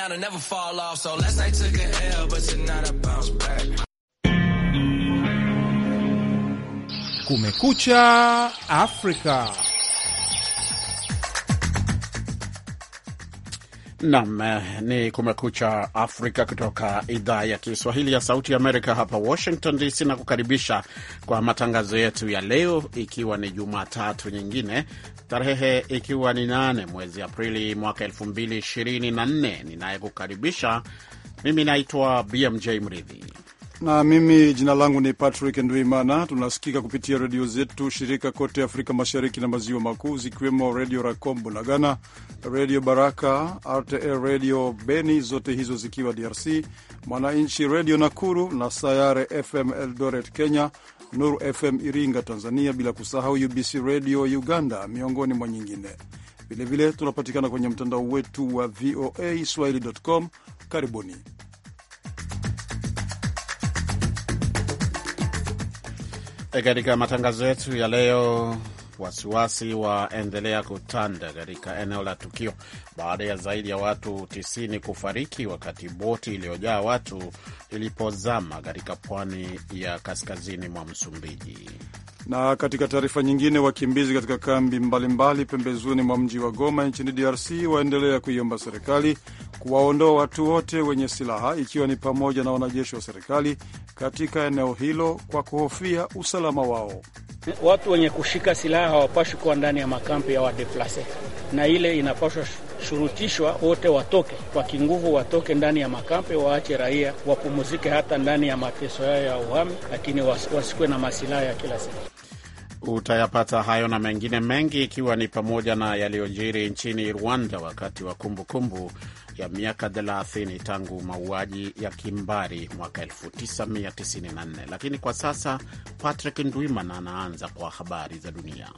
down and never fall off. So last night took an L, but tonight I bounce back. Kumekucha Africa. Nam eh, ni Kumekucha Afrika kutoka idhaa ya Kiswahili ya Sauti Amerika hapa Washington DC, na kukaribisha kwa matangazo yetu ya leo, ikiwa ni Jumatatu nyingine, tarehe ikiwa ni nane mwezi Aprili mwaka elfu mbili ishirini na nne. Ninayekukaribisha mimi naitwa BMJ Mridhi na mimi jina langu ni Patrick Nduimana. Tunasikika kupitia redio zetu shirika kote Afrika Mashariki na Maziwa Makuu, zikiwemo Redio racombo na ghana Redio Baraka, RTL Redio Beni, zote hizo zikiwa DRC, Mwananchi Redio Nakuru na Sayare FM Eldoret Kenya, Nuru FM Iringa Tanzania, bila kusahau UBC Redio Uganda, miongoni mwa nyingine. Vilevile tunapatikana kwenye mtandao wetu wa VOA swahili.com. Karibuni. E, katika matangazo yetu ya leo, wasiwasi waendelea kutanda katika eneo la tukio baada ya zaidi ya watu 90 kufariki wakati boti iliyojaa watu ilipozama katika pwani ya kaskazini mwa Msumbiji. Na katika taarifa nyingine, wakimbizi katika kambi mbalimbali pembezoni mwa mji wa Goma nchini DRC waendelea kuiomba serikali kuwaondoa watu wote wenye silaha ikiwa ni pamoja na wanajeshi wa serikali katika eneo hilo kwa kuhofia usalama wao. Watu wenye kushika silaha hawapashwi kuwa ndani ya makampi ya wadeplase, na ile inapashwa shurutishwa wote watoke kwa kinguvu, watoke ndani ya makampe, waache raia wapumuzike, hata ndani ya mateso yao ya uhami, lakini wasikuwe na masilaha ya kila siku. Utayapata hayo na mengine mengi, ikiwa ni pamoja na yaliyojiri nchini Rwanda wakati wa kumbukumbu kumbu ya miaka 30 tangu mauaji ya kimbari mwaka 1994. Lakini kwa sasa Patrick Ndwimana anaanza kwa habari za dunia.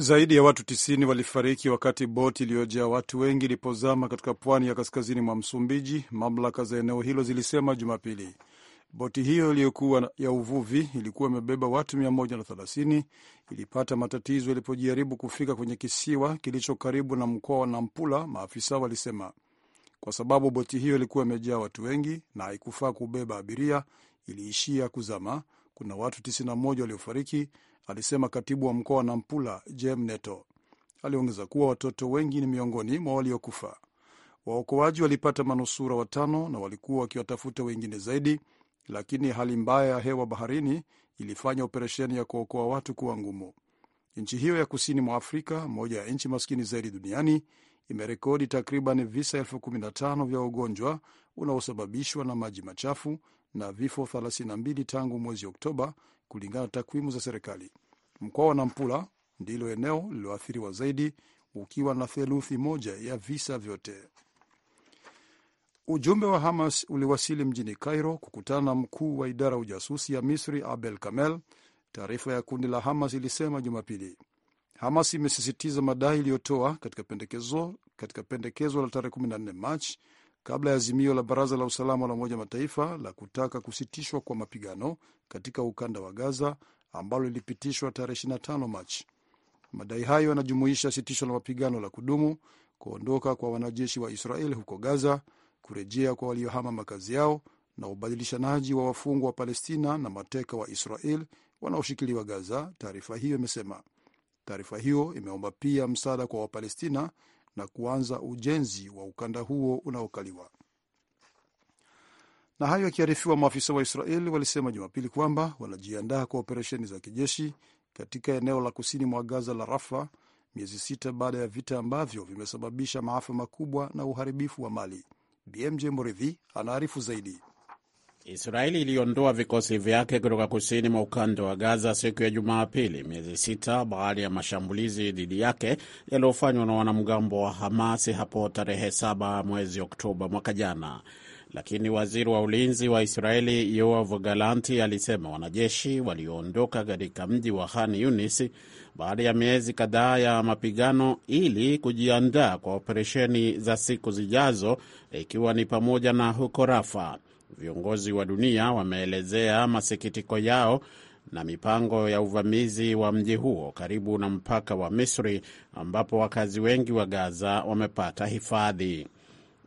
Zaidi ya watu tisini walifariki wakati boti iliyojaa watu wengi ilipozama katika pwani ya kaskazini mwa Msumbiji, mamlaka za eneo hilo zilisema Jumapili. Boti hiyo iliyokuwa ya uvuvi ilikuwa imebeba watu 130 ilipata matatizo ilipojaribu kufika kwenye kisiwa kilicho karibu na mkoa wa Nampula, maafisa walisema. Kwa sababu boti hiyo ilikuwa imejaa watu wengi na haikufaa kubeba abiria, iliishia kuzama. Kuna watu 91 waliofariki alisema katibu wa mkoa wa Nampula Jem Neto. Aliongeza kuwa watoto wengi ni miongoni mwa waliokufa. Waokoaji walipata manusura watano na walikuwa wakiwatafuta wengine zaidi, lakini hali mbaya ya hewa baharini ilifanya operesheni ya kuokoa watu kuwa ngumu. Nchi hiyo ya kusini mwa Afrika, moja ya nchi maskini zaidi duniani, imerekodi takriban visa elfu kumi na tano vya ugonjwa unaosababishwa na maji machafu na vifo 32 tangu mwezi Oktoba kulingana na takwimu za serikali. Mkoa wa Nampula ndilo eneo lililoathiriwa zaidi ukiwa na theluthi moja ya visa vyote. Ujumbe wa Hamas uliwasili mjini Cairo kukutana na mkuu wa idara ya ujasusi ya Misri Abel Kamel. Taarifa ya kundi la Hamas ilisema Jumapili. Hamas imesisitiza madai iliyotoa katika pendekezo, katika pendekezo la tarehe 14 Machi kabla ya azimio la Baraza la Usalama la Umoja Mataifa la kutaka kusitishwa kwa mapigano katika ukanda wa Gaza ambalo lilipitishwa tarehe 25 Machi. Madai hayo yanajumuisha sitisho la mapigano la kudumu, kuondoka kwa wanajeshi wa Israel huko Gaza, kurejea kwa waliohama makazi yao na ubadilishanaji wa wafungwa wa Palestina na mateka wa Israel wanaoshikiliwa Gaza, taarifa hiyo imesema. Taarifa hiyo imeomba pia msaada kwa Wapalestina na kuanza ujenzi wa ukanda huo unaokaliwa. Na hayo yakiarifiwa, maafisa wa Israeli walisema Jumapili kwamba wanajiandaa kwa operesheni za kijeshi katika eneo la kusini mwa Gaza la Rafa, miezi sita baada ya vita ambavyo vimesababisha maafa makubwa na uharibifu wa mali. BMJ Mridhi anaarifu zaidi. Israeli iliondoa vikosi vyake kutoka kusini mwa ukanda wa Gaza siku ya Jumapili, miezi sita baada ya mashambulizi dhidi yake yaliyofanywa na wanamgambo wa Hamas hapo tarehe saba mwezi Oktoba mwaka jana. Lakini waziri wa ulinzi wa Israeli Yoav Galanti alisema wanajeshi walioondoka katika mji wa Khan Yunis baada ya miezi kadhaa ya mapigano ili kujiandaa kwa operesheni za siku zijazo, ikiwa ni pamoja na huko Rafa. Viongozi wa dunia wameelezea masikitiko yao na mipango ya uvamizi wa mji huo karibu na mpaka wa Misri ambapo wakazi wengi wa Gaza wamepata hifadhi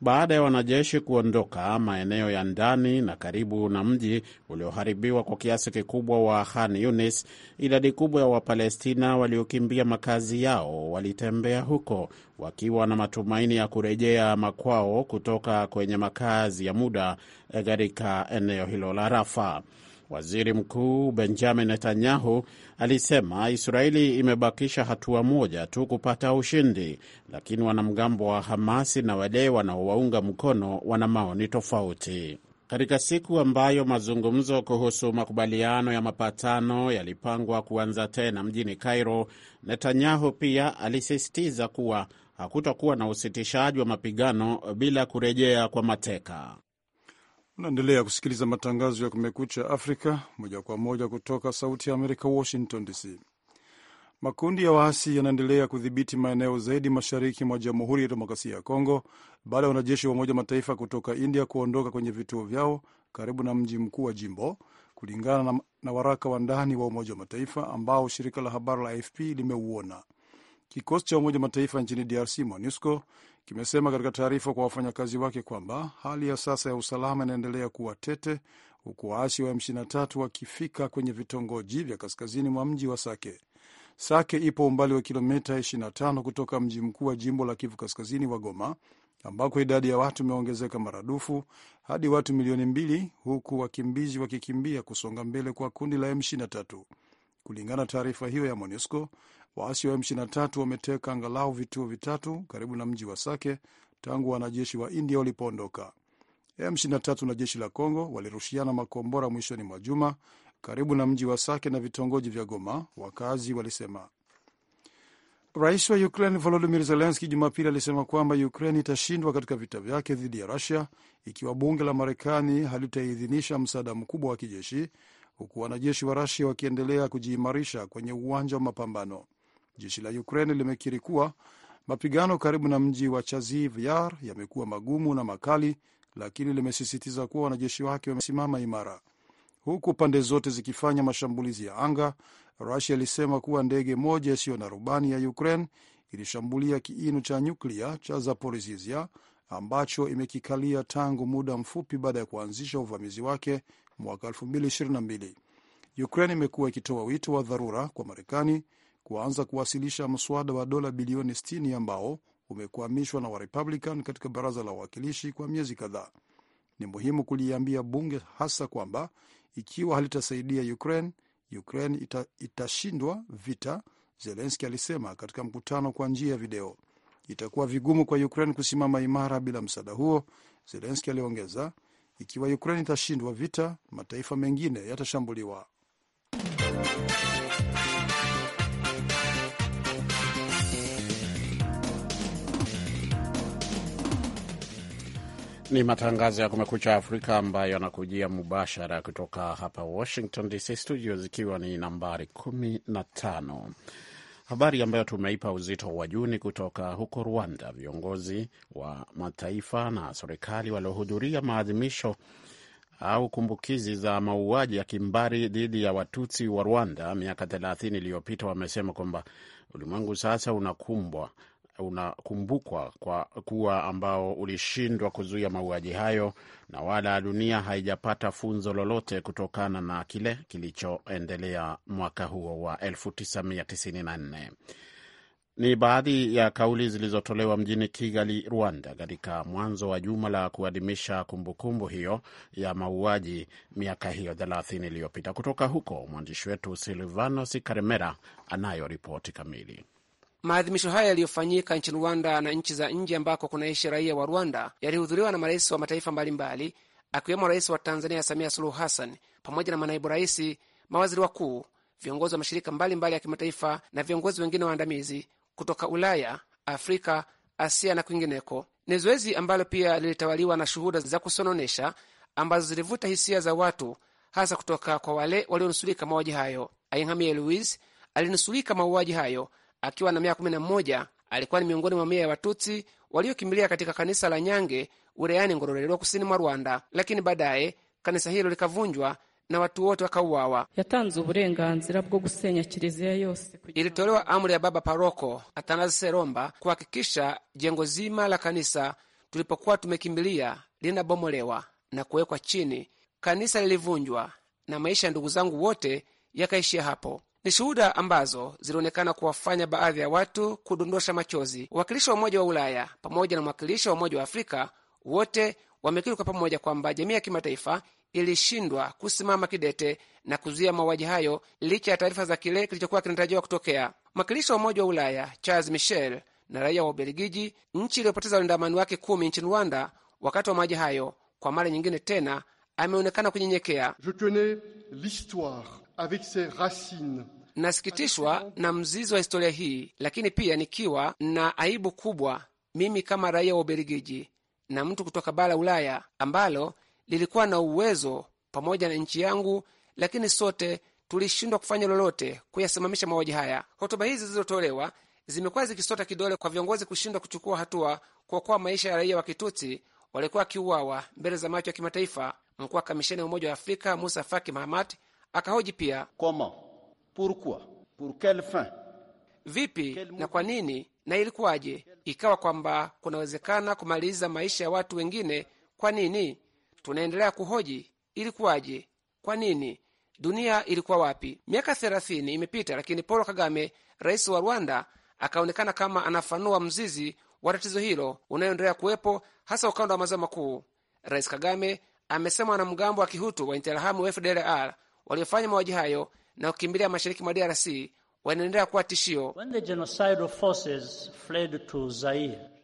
baada ya wanajeshi kuondoka maeneo ya ndani na karibu na mji ulioharibiwa kwa kiasi kikubwa wa Khan Yunis, idadi kubwa ya Wapalestina waliokimbia makazi yao walitembea huko wakiwa na matumaini ya kurejea makwao kutoka kwenye makazi ya muda eh, katika eneo hilo la Rafa. Waziri Mkuu Benjamin Netanyahu alisema Israeli imebakisha hatua moja tu kupata ushindi, lakini wanamgambo wa Hamasi na wale wanaowaunga mkono wana maoni tofauti. Katika siku ambayo mazungumzo kuhusu makubaliano ya mapatano yalipangwa kuanza tena mjini Cairo, Netanyahu pia alisisitiza kuwa hakutakuwa na usitishaji wa mapigano bila kurejea kwa mateka. Unaendelea kusikiliza matangazo ya Kumekucha Afrika moja kwa moja kutoka Sauti ya Amerika, Washington DC. Makundi ya waasi yanaendelea kudhibiti maeneo zaidi mashariki mwa Jamhuri ya Demokrasia ya Kongo baada ya wanajeshi wa Umoja Mataifa kutoka India kuondoka kwenye vituo vyao karibu na mji mkuu wa jimbo, kulingana na, na waraka wa ndani wa Umoja wa Mataifa ambao shirika la habari la AFP limeuona. Kikosi cha Umoja Mataifa nchini DRC MONUSCO kimesema katika taarifa kwa wafanyakazi wake kwamba hali ya sasa ya usalama inaendelea kuwa tete, huku waasi wa M23 wakifika kwenye vitongoji vya kaskazini mwa mji wa Sake. Sake ipo umbali wa kilomita 25 kutoka mji mkuu wa jimbo la Kivu Kaskazini wa Goma, ambako idadi ya watu imeongezeka maradufu hadi watu milioni mbili, huku wakimbizi wakikimbia kusonga mbele kwa kundi la M23, kulingana na taarifa hiyo ya MONUSCO Waasi wa M23 wameteka angalau vituo vitatu karibu na mji wa Sake tangu wanajeshi wa India walipoondoka. M23 na jeshi la Congo walirushiana makombora mwishoni mwa juma karibu na mji wa Sake na vitongoji vya Goma, wakazi walisema. Rais wa Ukraine Volodimir Zelenski Jumapili alisema kwamba Ukraine itashindwa katika vita vyake dhidi ya Rusia ikiwa bunge la Marekani halitaidhinisha msaada mkubwa wa kijeshi, huku wanajeshi wa Rusia wakiendelea kujiimarisha kwenye uwanja wa mapambano. Jeshi la Ukraine limekiri kuwa mapigano karibu na mji wa Chaziv Yar yamekuwa magumu na makali, lakini limesisitiza kuwa wanajeshi wake wamesimama imara. Huku pande zote zikifanya mashambulizi ya anga, Rusia ilisema kuwa ndege moja isiyo na rubani ya Ukraine ilishambulia kiinu cha nyuklia cha Zaporizhia ambacho imekikalia tangu muda mfupi baada ya kuanzisha uvamizi wake mwaka 2022. Ukraine imekuwa ikitoa wito wa dharura kwa Marekani kuanza kuwasilisha mswada wa dola bilioni 60 ambao umekwamishwa na Warepublican katika baraza la wawakilishi kwa miezi kadhaa. Ni muhimu kuliambia bunge hasa kwamba ikiwa halitasaidia Ukraine, Ukraine ita, itashindwa vita, Zelenski alisema katika mkutano kwa njia ya video. Itakuwa vigumu kwa Ukraine kusimama imara bila msaada huo, Zelenski aliongeza. Ikiwa Ukraine itashindwa vita, mataifa mengine yatashambuliwa. Ni matangazo ya Kumekucha Afrika ambayo yanakujia mubashara kutoka hapa Washington DC, studio zikiwa ni nambari 15. Habari ambayo tumeipa uzito wa juu ni kutoka huko Rwanda. Viongozi wa mataifa na serikali waliohudhuria maadhimisho au kumbukizi za mauaji ya kimbari dhidi ya Watutsi wa Rwanda miaka 30 iliyopita wamesema kwamba ulimwengu sasa unakumbwa unakumbukwa kwa kuwa ambao ulishindwa kuzuia mauaji hayo, na wala dunia haijapata funzo lolote kutokana na kile kilichoendelea mwaka huo wa 1994. Ni baadhi ya kauli zilizotolewa mjini Kigali, Rwanda, katika mwanzo wa juma la kuadhimisha kumbukumbu hiyo ya mauaji miaka hiyo 30 iliyopita. Kutoka huko mwandishi wetu Silvanos Karemera anayo ripoti kamili. Maadhimisho haya yaliyofanyika nchini Rwanda na nchi za nje ambako kunaishi raia wa Rwanda yalihudhuriwa na marais wa mataifa mbalimbali, akiwemo rais wa Tanzania Samia Suluhu Hassan pamoja na manaibu raisi, mawaziri wakuu, viongozi wa mashirika mbalimbali mbali ya kimataifa na viongozi wengine waandamizi kutoka Ulaya, Afrika, Asia na kwingineko. Ni zoezi ambalo pia lilitawaliwa na shuhuda za kusononesha ambazo zilivuta hisia za watu, hasa kutoka kwa wale walionusulika mauaji hayo. Ainhamie Louis alinusulika mauaji hayo akiwa na miaka 11 alikuwa ni miongoni mwa mia ya Watutsi waliokimbilia katika kanisa la Nyange wilayani Ngororero, kusini mwa Rwanda, lakini baadaye kanisa hilo likavunjwa na watu wote wakauawa. yatanze uburenganzira bwo gusenya kiliziya yose. Ilitolewa amri ya baba paroko Atanazi Seromba kuhakikisha jengo zima la kanisa tulipokuwa tumekimbilia linabomolewa na kuwekwa chini. Kanisa lilivunjwa na maisha ya ndugu zangu wote yakaishia hapo. Ni shuhuda ambazo zilionekana kuwafanya baadhi ya watu kudondosha machozi. Wawakilishi wa Umoja wa Ulaya pamoja na mwakilishi wa Umoja wa Afrika wote wamekiri kwa pamoja kwamba jamii ya kimataifa ilishindwa kusimama kidete na kuzuia mauaji hayo licha ya taarifa za kile kilichokuwa kinatarajiwa kutokea. Mwakilishi wa Umoja wa Ulaya Charles Michel na raia wa Ubelgiji, nchi iliyopoteza walinda amani wake kumi nchini Rwanda wakati wa mauaji hayo, kwa mara nyingine tena ameonekana kunyenyekea. Je tenais l'histoire Nasikitishwa na mzizi wa historia hii, lakini pia nikiwa na aibu kubwa, mimi kama raia wa Ubelgiji na mtu kutoka bara Ulaya ambalo lilikuwa na uwezo pamoja na nchi yangu, lakini sote tulishindwa kufanya lolote kuyasimamisha mauaji haya. Hotuba hizi zilizotolewa zimekuwa zikisota kidole kwa viongozi kushindwa kuchukua hatua kuokoa maisha ya raia wa Kitutsi walikuwa wakiuawa mbele za macho ya kimataifa. Mkuu wa kamisheni ya Umoja wa Afrika Musa Faki Mahamat Akahoji pia Comment? Pourquoi? Pour quelle fin? Vipi na kwa nini na ilikuwaje ikawa kwamba kunawezekana kumaliza maisha ya watu wengine? Kwa nini tunaendelea kuhoji ilikuwaje? Kwa nini? Dunia ilikuwa wapi? Miaka thelathini imepita, lakini Paul Kagame, rais wa Rwanda, akaonekana kama anafanua mzizi wa tatizo hilo unayoendelea kuwepo hasa ukanda wa maziwa makuu. Rais Kagame amesema wanamgambo wa kihutu wa Interahamwe FDLR waliofanya mauaji hayo na kukimbilia mashariki mwa DRC wanaendelea kuwa tishio.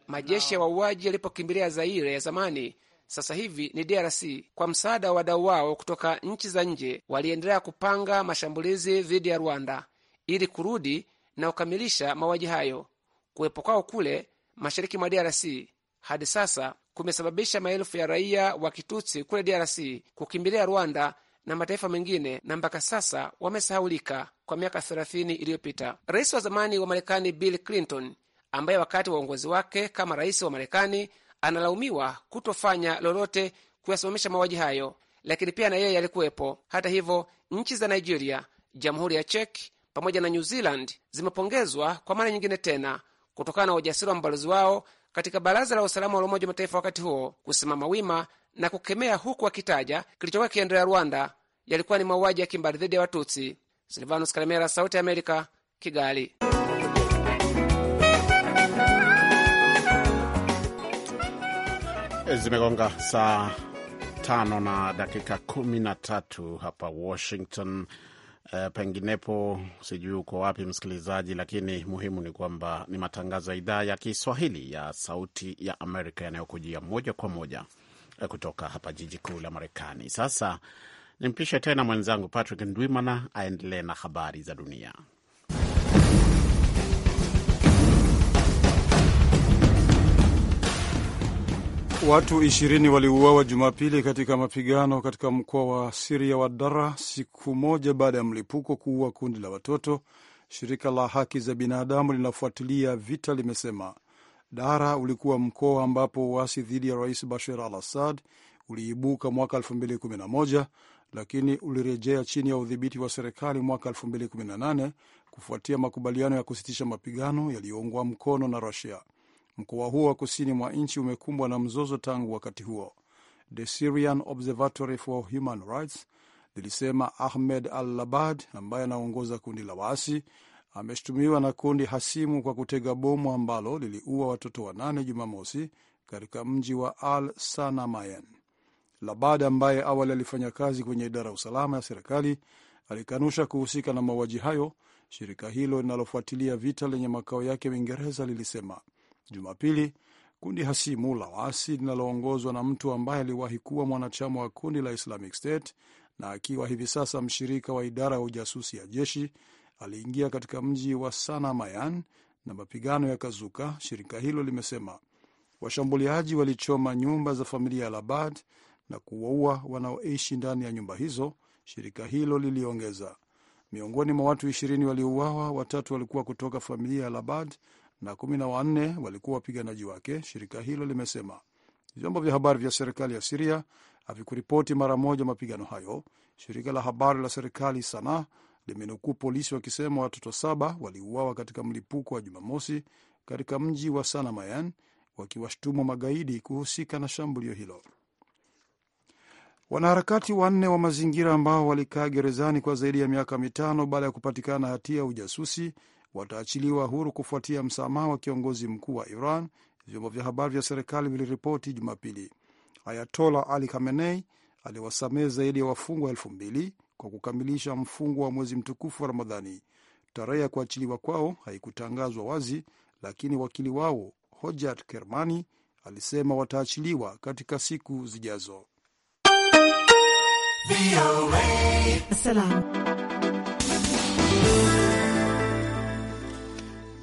Majeshi ya wauaji yalipokimbilia Zaire ya zamani, sasa hivi ni DRC, kwa msaada wa wadau wao kutoka nchi za nje, waliendelea kupanga mashambulizi dhidi ya Rwanda ili kurudi na kukamilisha mauaji hayo. Kuwepo kwao kule mashariki mwa DRC hadi sasa kumesababisha maelfu ya raia wa Kitutsi kule DRC kukimbilia Rwanda na mataifa mengine na mpaka sasa wamesahaulika kwa miaka 30 iliyopita. Rais wa zamani wa Marekani Bill Clinton, ambaye wakati wa uongozi wake kama rais wa Marekani analaumiwa kutofanya lolote kuyasimamisha mauaji hayo, lakini pia na yeye yalikuwepo. Hata hivyo, nchi za Nigeria, Jamhuri ya Czech pamoja na New Zealand zimepongezwa kwa mara nyingine tena kutokana na ujasiri wa mbalozi wao katika Baraza la Usalama wa Umoja wa Mataifa wakati huo kusimama wima na kukemea huku akitaja kilichokuwa kiendelea Rwanda yalikuwa ni mauaji ya kimbari dhidi ya Watutsi. Silvanus Karemera, Sauti ya Amerika, Kigali. Eh, zimegonga saa tano na dakika kumi na tatu hapa Washington. E, penginepo sijui uko wapi msikilizaji, lakini muhimu ni kwamba ni matangazo ya idhaa ya Kiswahili ya Sauti ya Amerika yanayokujia moja kwa moja kutoka hapa jiji kuu la Marekani. Sasa nimpishe tena mwenzangu Patrick Ndwimana aendelee na habari za dunia. Watu ishirini waliuawa Jumapili katika mapigano katika mkoa wa Siria wa Dara, siku moja baada ya mlipuko kuua kundi la watoto. Shirika la haki za binadamu linafuatilia vita limesema Dara ulikuwa mkoa ambapo uasi dhidi ya rais Bashar al Assad uliibuka mwaka 2011 lakini ulirejea chini ya udhibiti wa serikali mwaka 2018 kufuatia makubaliano ya kusitisha mapigano yaliyoungwa mkono na Rusia. Mkoa huo wa kusini mwa nchi umekumbwa na mzozo tangu wakati huo. The Syrian Observatory for Human Rights lilisema Ahmed al Labad, ambaye anaongoza kundi la waasi, ameshutumiwa na kundi hasimu kwa kutega bomu ambalo liliua watoto wanane Jumamosi katika mji wa Al Sanamayan. Labad ambaye awali alifanya kazi kwenye idara ya usalama ya serikali alikanusha kuhusika na mauaji hayo. Shirika hilo linalofuatilia vita lenye makao yake Uingereza lilisema Jumapili kundi hasimu la waasi linaloongozwa na mtu ambaye aliwahi kuwa mwanachama wa kundi la Islamic State na akiwa hivi sasa mshirika wa idara ya ujasusi ya jeshi aliingia katika mji wa Sanamayan na mapigano yakazuka, shirika hilo limesema. Washambuliaji walichoma nyumba za familia ya Labad na kuwaua wanaoishi ndani ya nyumba hizo, shirika hilo liliongeza. Miongoni mwa watu ishirini waliouawa, watatu walikuwa kutoka familia ya Labad na kumi na wanne walikuwa wapiganaji wake, shirika hilo limesema. Vyombo vya habari vya serikali ya Siria havikuripoti mara moja mapigano hayo. Shirika la habari la serikali Sanaa limenukuu polisi wakisema watoto saba waliuawa katika mlipuko wa Jumamosi katika mji wa Sanamayan, wakiwashtumu magaidi kuhusika na shambulio hilo. Wanaharakati wanne wa mazingira ambao walikaa gerezani kwa zaidi ya miaka mitano baada ya kupatikana hatia ya ujasusi wataachiliwa huru kufuatia msamaha wa kiongozi mkuu wa Iran, vyombo vya habari vya serikali viliripoti Jumapili. Ayatola Ali Khamenei aliwasamehe zaidi ya wafungwa elfu mbili kwa kukamilisha mfungo wa mwezi mtukufu wa Ramadhani. Tarehe ya kuachiliwa kwao haikutangazwa wazi, lakini wakili wao Hojat Kermani alisema wataachiliwa katika siku zijazo.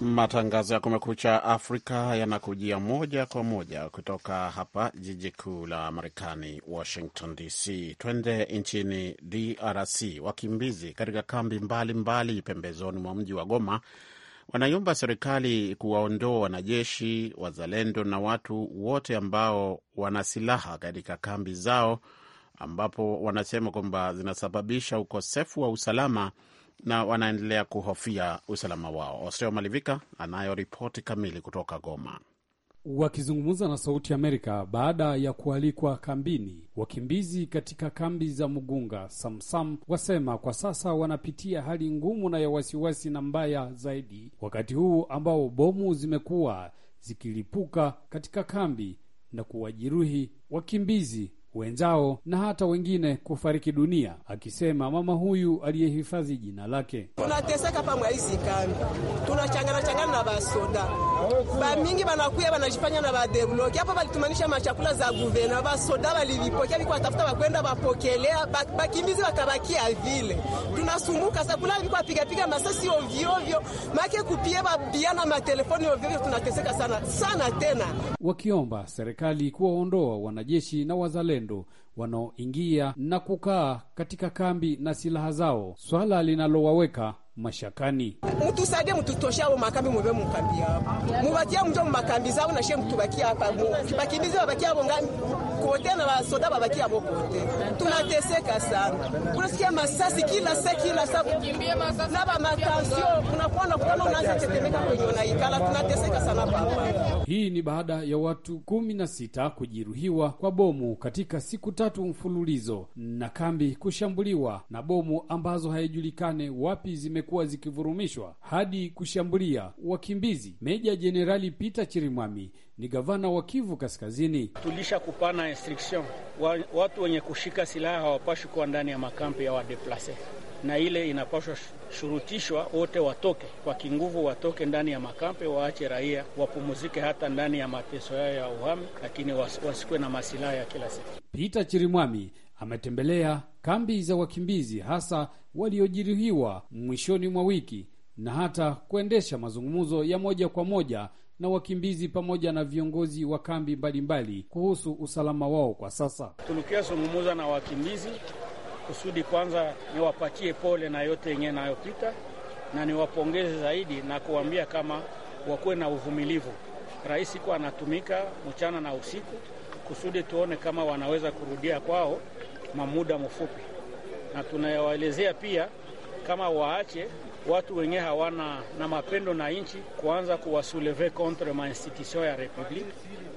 Matangazo ya Kumekucha Afrika yanakujia moja kwa moja kutoka hapa jiji kuu la Marekani, Washington DC. Twende nchini DRC. Wakimbizi katika kambi mbalimbali pembezoni mwa mji wa Goma wanaiomba serikali kuwaondoa wanajeshi, wazalendo na watu wote ambao wana silaha katika kambi zao, ambapo wanasema kwamba zinasababisha ukosefu wa usalama na wanaendelea kuhofia usalama wao. Osteo Malivika anayo ripoti kamili kutoka Goma. Wakizungumza na Sauti Amerika baada ya kualikwa kambini, wakimbizi katika kambi za Mugunga, Samsam wasema kwa sasa wanapitia hali ngumu na ya wasiwasi na mbaya zaidi, wakati huu ambao bomu zimekuwa zikilipuka katika kambi na kuwajeruhi wakimbizi wenzao na hata wengine kufariki dunia, akisema mama huyu aliyehifadhi jina lake: tunateseka pamwe hizi kambi, tunachangana changana na basoda ba mingi banakuya banajifanya na badevloki hapo, balitumanisha machakula za guvena, basoda balivipokea vikuwa tafuta bakwenda bapokelea bakimbizi bakabakia vile. Tunasumbuka sa kula vikuwa pigapiga masasi ovyoovyo, make kupie na matelefoni ovyoovyo. Tunateseka sana sana tena, wakiomba serikali kuwaondoa wanajeshi na wazalendo wazalendo wanaoingia na kukaa katika kambi na silaha zao, swala linalowaweka mashakani. Mutusaidie, mututoshe abo makambi, mube mukambi yao, mubatie mjo mumakambi zao, nashe mutubaki hapa, bakimbizi wabakia abo ngambi kote na wasoda babaki abo kote, tunateseka sana. Kunasikia masasi kila saa kila saa, na ba matansio unakuona kama unaanza tetemeka kwenye unaikala. Tunateseka sana papa Hii ni baada ya watu kumi na sita kujeruhiwa kwa bomu katika siku tatu mfululizo na kambi kushambuliwa na bomu ambazo haijulikane wapi zimekuwa zikivurumishwa hadi kushambulia wakimbizi. Meja Jenerali Peter Chirimwami ni gavana wa Kivu Kaskazini. Tulisha kupana instruction wa, watu wenye kushika silaha hawapashi kuwa ndani ya makampi ya wadeplase, na ile inapashwa shurutishwa wote watoke kwa kinguvu, watoke ndani ya makampe waache raia wapumuzike hata ndani ya mateso yao ya uhami, lakini wasikuwe na masilaha ya kila siku. Peter Chirimwami ametembelea kambi za wakimbizi hasa waliojeruhiwa mwishoni mwa wiki na hata kuendesha mazungumzo ya moja kwa moja na wakimbizi pamoja na viongozi wa kambi mbalimbali kuhusu usalama wao kwa sasa. Tulikia zungumuza na wakimbizi kusudi kwanza niwapatie pole na yote yenye nayopita, na niwapongeze zaidi na kuwambia kama wakuwe na uvumilivu. Rais kwa anatumika mchana na usiku kusudi tuone kama wanaweza kurudia kwao mamuda mfupi, na tunawaelezea pia kama waache watu wenye hawana na mapendo na nchi kuanza kuwasuleve kontre mainstitution ya republiki,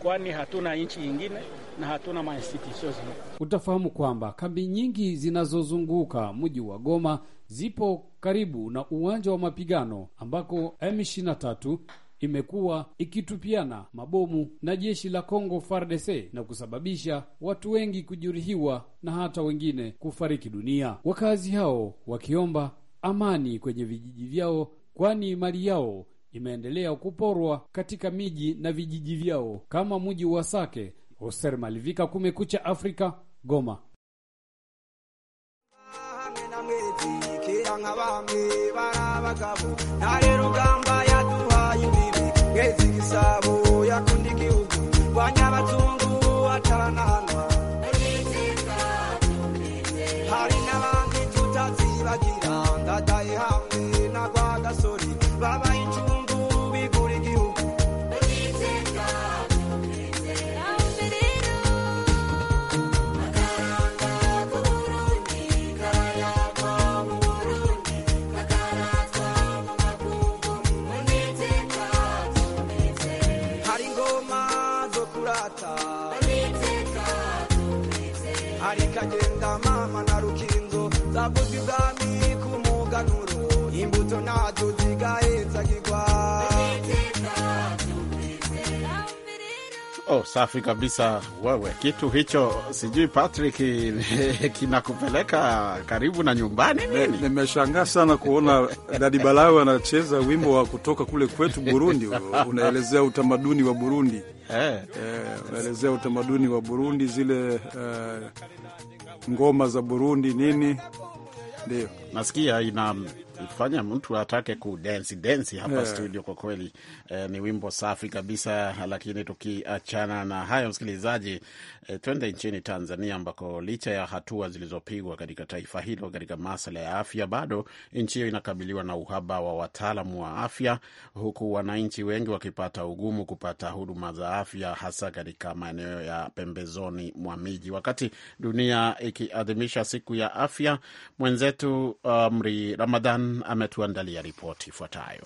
kwani hatuna nchi ingine na hatuna mainstitution zingine. Utafahamu kwamba kambi nyingi zinazozunguka mji wa Goma zipo karibu na uwanja wa mapigano ambako M23 imekuwa ikitupiana mabomu na jeshi la congo FARDC na kusababisha watu wengi kujeruhiwa na hata wengine kufariki dunia, wakazi hao wakiomba amani kwenye vijiji vyao, kwani mali yao imeendelea kuporwa katika miji na vijiji vyao kama mji wa Sake. Hoser Malivika, Kumekucha Afrika, Goma. Safi kabisa wewe, kitu hicho sijui Patrick kinakupeleka karibu na nyumbani nini? Nimeshangaa sana kuona Dadi Balawe anacheza wimbo wa kutoka kule kwetu Burundi, unaelezea utamaduni wa Burundi. Eh, eh unaelezea utamaduni wa Burundi, zile uh, ngoma za Burundi nini, ndio nasikia ina kufanya mtu atake kudensi densi hapa yeah, studio kwa kweli. Eh, ni wimbo safi kabisa. Lakini tukiachana na hayo, msikilizaji, eh, twende nchini Tanzania ambako licha ya hatua zilizopigwa katika taifa hilo katika masala ya afya, bado nchi hiyo inakabiliwa na uhaba wa wataalamu wa afya, huku wananchi wengi wakipata ugumu kupata huduma za afya, hasa katika maeneo ya pembezoni mwa miji. Wakati dunia ikiadhimisha siku ya afya, mwenzetu Amri uh, um, Ramadhan ametuandalia ripoti ifuatayo.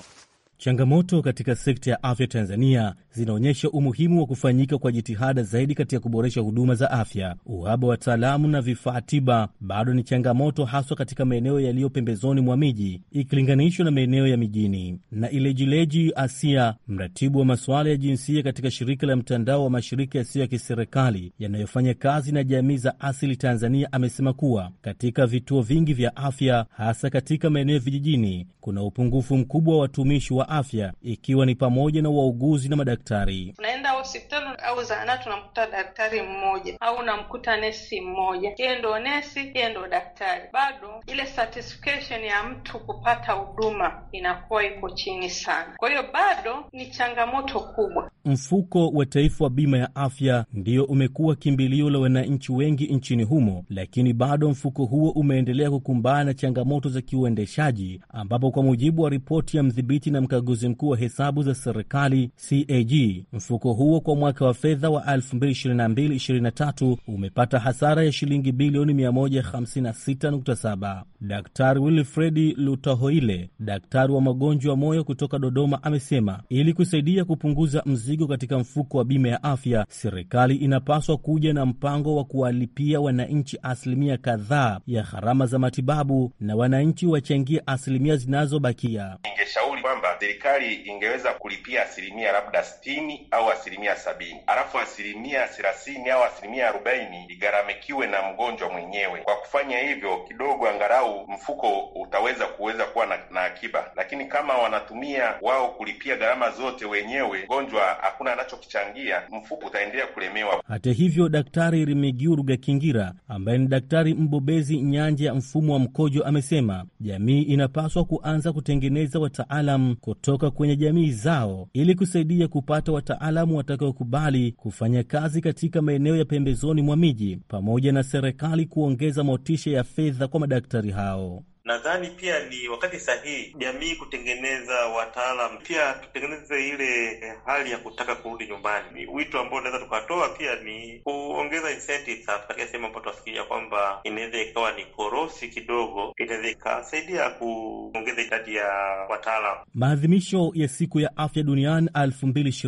Changamoto katika sekta ya afya Tanzania zinaonyesha umuhimu wa kufanyika kwa jitihada zaidi katika kuboresha huduma za afya. Uhaba wa wataalamu na vifaa tiba bado ni changamoto, haswa katika maeneo yaliyo pembezoni mwa miji ikilinganishwa na maeneo ya mijini. Na Ilejileji Asia, mratibu wa masuala ya jinsia katika shirika la mtandao wa mashirika yasiyo ya kiserikali yanayofanya kazi na jamii za asili Tanzania, amesema kuwa katika vituo vingi vya afya, hasa katika maeneo vijijini, kuna upungufu mkubwa wa watumishi wa afya, ikiwa ni pamoja na wauguzi na madaktari daktari. Unaenda hospitali au zahanati, unamkuta daktari mmoja au unamkuta nesi mmoja, yeye ndo nesi, yeye ndo daktari. Bado ile satisfaction ya mtu kupata huduma inakuwa iko chini sana, kwa hiyo bado ni changamoto kubwa. Mfuko wa Taifa wa Bima ya Afya ndiyo umekuwa kimbilio la wananchi wengi nchini humo, lakini bado mfuko huo umeendelea kukumbana na changamoto za kiuendeshaji, ambapo kwa mujibu wa ripoti ya mdhibiti na mkaguzi mkuu wa hesabu za serikali CAG Mfuko huo kwa mwaka wa fedha wa 2022/2023 umepata hasara ya shilingi bilioni 156.7. Daktari Wilfredi Lutahoile, daktari wa magonjwa ya moyo kutoka Dodoma, amesema ili kusaidia kupunguza mzigo katika mfuko wa bima ya afya, serikali inapaswa kuja na mpango wa kuwalipia wananchi asilimia kadhaa ya gharama za matibabu na wananchi wachangie asilimia zinazobakia. Ingeshauri kwamba serikali ingeweza kulipia asilimia labda sitini au asilimia sabini alafu asilimia thelathini au asilimia arobaini igharamikiwe na mgonjwa mwenyewe. Kwa kufanya hivyo, kidogo angalau mfuko utaweza kuweza kuwa na, na akiba, lakini kama wanatumia wao kulipia gharama zote wenyewe, mgonjwa hakuna anachokichangia, mfuko utaendelea kulemewa. Hata hivyo, Daktari Rimigiu kingira ambaye ni daktari mbobezi nyanja ya mfumo wa mkojo amesema jamii inapaswa kuanza kutengeneza wataalam kutoka kwenye jamii zao ili kusaidia kupata kupata wataalamu watakaokubali kufanya kazi katika maeneo ya pembezoni mwa miji pamoja na serikali kuongeza motisha ya fedha kwa madaktari hao. Nadhani pia ni wakati sahihi jamii kutengeneza wataalam, pia tutengeneze ile eh, hali ya kutaka kurudi nyumbani. ni Wito ambao unaweza tukatoa pia ni kuongeza incentives katika sehemu ambao tunafikiria kwamba inaweza ikawa ni korosi kidogo, inaweza ikasaidia kuongeza idadi ya wataalam. Maadhimisho ya siku ya afya duniani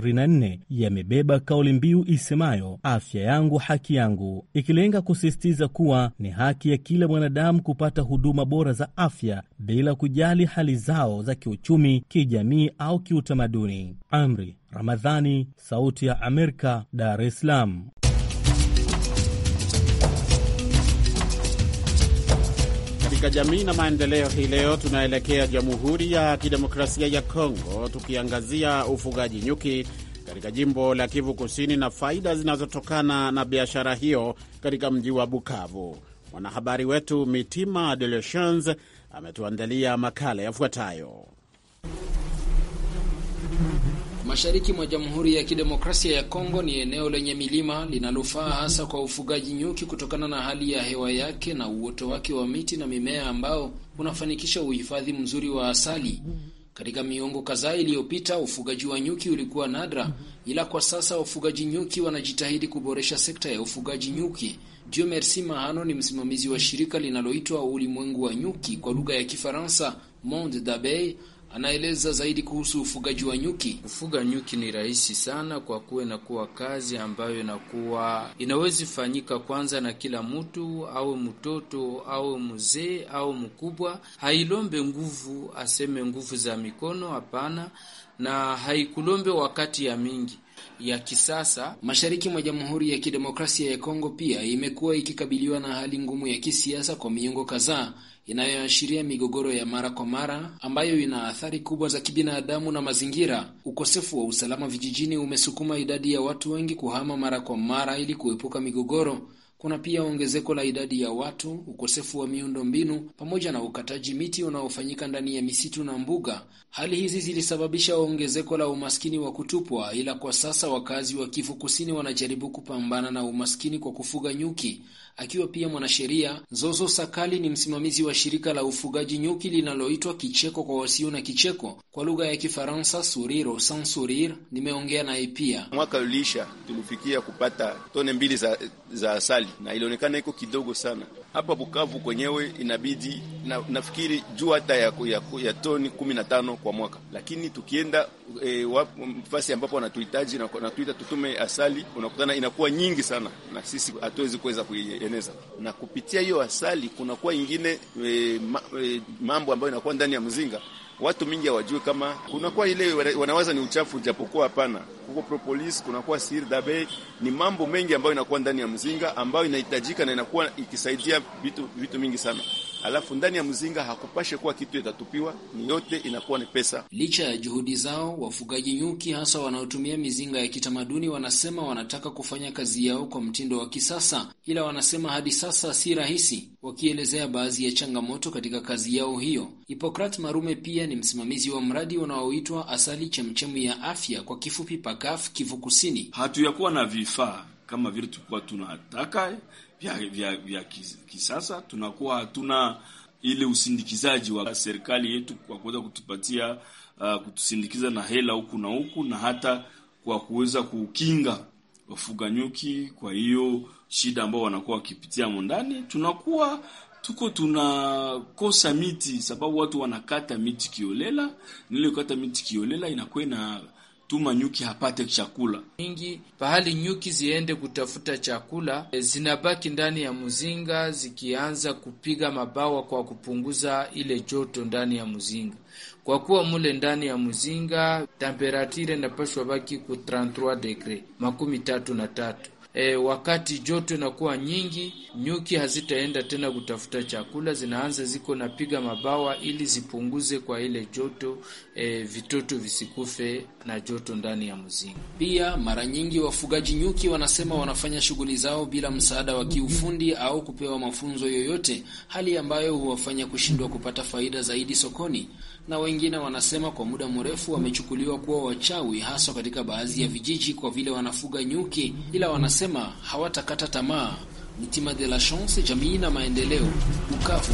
nne yamebeba kauli mbiu isemayo afya yangu haki yangu, ikilenga kusisitiza kuwa ni haki ya kila mwanadamu kupata huduma bora za za afya bila kujali hali zao za kiuchumi, kijamii au kiutamaduni. Amri Ramadhani, Sauti ya Amerika, Dar es Salaam. Katika jamii na maendeleo, hii leo tunaelekea Jamhuri ya Kidemokrasia ya Kongo, tukiangazia ufugaji nyuki katika jimbo la Kivu Kusini na faida zinazotokana na biashara hiyo katika mji wa Bukavu. Mwanahabari wetu Mitima De Lechans ametuandalia makala yafuatayo. Mashariki mwa Jamhuri ya Kidemokrasia ya Kongo ni eneo lenye milima linalofaa hasa kwa ufugaji nyuki kutokana na hali ya hewa yake na uoto wake wa miti na mimea ambao unafanikisha uhifadhi mzuri wa asali. Katika miongo kadhaa iliyopita ufugaji wa nyuki ulikuwa nadra, ila kwa sasa wafugaji nyuki wanajitahidi kuboresha sekta ya ufugaji nyuki. merci Mahano ni msimamizi wa shirika linaloitwa Ulimwengu wa Nyuki, kwa lugha ya Kifaransa Monde d'Abeille anaeleza zaidi kuhusu ufugaji wa nyuki. Kufuga nyuki ni rahisi sana, kwa kuwa inakuwa kazi ambayo inakuwa inawezi fanyika kwanza na kila mtu, awe mtoto awe mzee au mkubwa. Hailombe nguvu, aseme nguvu za mikono, hapana, na haikulombe wakati ya mingi ya kisasa. Mashariki mwa Jamhuri ya Kidemokrasia ya Kongo pia imekuwa ikikabiliwa na hali ngumu ya kisiasa kwa miongo kadhaa inayoashiria migogoro ya mara kwa mara ambayo ina athari kubwa za kibinadamu na mazingira. Ukosefu wa usalama vijijini umesukuma idadi ya watu wengi kuhama mara kwa mara ili kuepuka migogoro. Kuna pia ongezeko la idadi ya watu, ukosefu wa miundombinu pamoja na ukataji miti unaofanyika ndani ya misitu na mbuga. Hali hizi zilisababisha ongezeko la umaskini wa kutupwa, ila kwa sasa wakazi wa Kivu Kusini wanajaribu kupambana na umaskini kwa kufuga nyuki akiwa pia mwanasheria. Zozo Sakali ni msimamizi wa shirika la ufugaji nyuki linaloitwa Kicheko kwa wasio na kicheko, kwa lugha ya Kifaransa Sourire sans sourire. Nimeongea naye pia. Mwaka uliisha tulifikia kupata tone mbili za, za asali na ilionekana iko kidogo sana hapa Bukavu kwenyewe, inabidi na, nafikiri juu hata ya, ya, ya toni kumi na tano kwa mwaka, lakini tukienda e, e, ambapo wanatuhitaji na, na tuita tutume asali, unakutana inakuwa nyingi sana, na sisi hatuwezi kuweza kuieneza, na kupitia hiyo asali kunakuwa ingine e, ma, e, mambo ambayo inakuwa ndani ya mzinga watu mingi hawajui kama kunakuwa ile wanawaza ni uchafu, japokuwa hapana. Kuko propolis, kunakuwa sir dabe, ni mambo mengi ambayo inakuwa ndani ya mzinga ambayo inahitajika na inakuwa ikisaidia vitu, vitu mingi sana alafu ndani ya mzinga hakupashe kuwa kitu itatupiwa, ni yote inakuwa ni pesa. Licha ya juhudi zao, wafugaji nyuki hasa wanaotumia mizinga ya kitamaduni wanasema wanataka kufanya kazi yao kwa mtindo wa kisasa, ila wanasema hadi sasa si rahisi, wakielezea baadhi ya changamoto katika kazi yao hiyo. Hipokrat Marume pia ni msimamizi wa mradi unaoitwa Asali Chemchemu ya Afya, kwa kifupi PAKAF Kivu Kusini. hatuyakuwa na vifaa kama vile tulikuwa tunataka vya, vya, vya kisasa. Tunakuwa hatuna ile usindikizaji wa serikali yetu kwa kuweza kutupatia uh, kutusindikiza na hela huku na huku, na hata kwa kuweza kukinga wafuga nyuki. Kwa hiyo shida ambao wanakuwa wakipitia mondani, tunakuwa tuko tunakosa miti, sababu watu wanakata miti kiolela. Nile kukata miti kiolela inakuwa na tuma nyuki hapate chakula mingi. Pahali nyuki ziende kutafuta chakula, eh, zinabaki ndani ya mzinga zikianza kupiga mabawa kwa kupunguza ile joto ndani ya mzinga, kwa kuwa mule ndani ya mzinga temperature inapashwa baki ku 33 degree makumi tatu na tatu e, wakati joto inakuwa nyingi, nyuki hazitaenda tena kutafuta chakula, zinaanza ziko napiga mabawa ili zipunguze kwa ile joto e, vitoto visikufe na joto ndani ya mzinga. Pia mara nyingi wafugaji nyuki wanasema wanafanya shughuli zao bila msaada wa kiufundi au kupewa mafunzo yoyote, hali ambayo huwafanya kushindwa kupata faida zaidi sokoni na wengine wanasema kwa muda mrefu wamechukuliwa kuwa wachawi, haswa katika baadhi ya vijiji kwa vile wanafuga nyuki, ila wanasema hawatakata tamaa. Mitima de la Chance, jamii na maendeleo, Bukavu.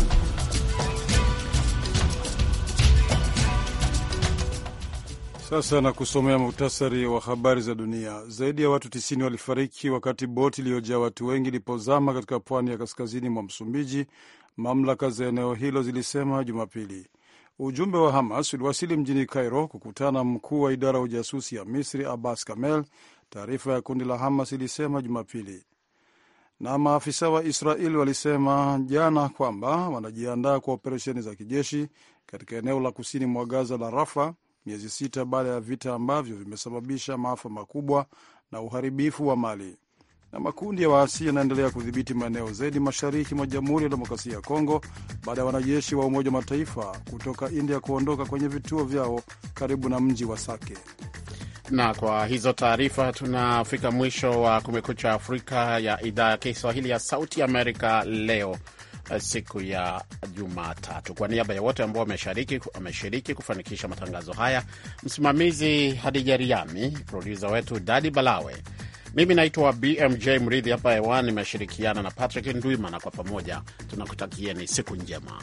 Sasa na kusomea muhtasari wa habari za dunia. Zaidi ya watu 90 walifariki wakati boti iliyojaa watu wengi ilipozama katika pwani ya kaskazini mwa Msumbiji, mamlaka za eneo hilo zilisema Jumapili. Ujumbe wa Hamas uliwasili mjini Cairo kukutana mkuu wa idara ya ujasusi ya Misri Abbas Kamel, taarifa ya kundi la Hamas ilisema Jumapili. Na maafisa wa Israeli walisema jana kwamba wanajiandaa kwa operesheni za kijeshi katika eneo la kusini mwa Gaza la Rafa, miezi sita baada ya vita ambavyo vimesababisha maafa makubwa na uharibifu wa mali na makundi ya waasi yanaendelea kudhibiti maeneo zaidi mashariki mwa Jamhuri ya Demokrasia ya Kongo baada ya wanajeshi wa Umoja wa Mataifa kutoka India kuondoka kwenye vituo vyao karibu na mji wa Sake. Na kwa hizo taarifa tunafika mwisho wa Kumekucha Afrika ya idhaa ya Kiswahili ya Sauti Amerika leo eh, siku ya Jumatatu. Kwa niaba ya wote ambao wameshiriki kufanikisha matangazo haya, msimamizi Hadija Riami, produsa wetu Dadi Balawe. Mimi naitwa BMJ Mridhi, hapa hewani nimeshirikiana na Patrick Ndwimana. Kwa pamoja tunakutakieni siku njema.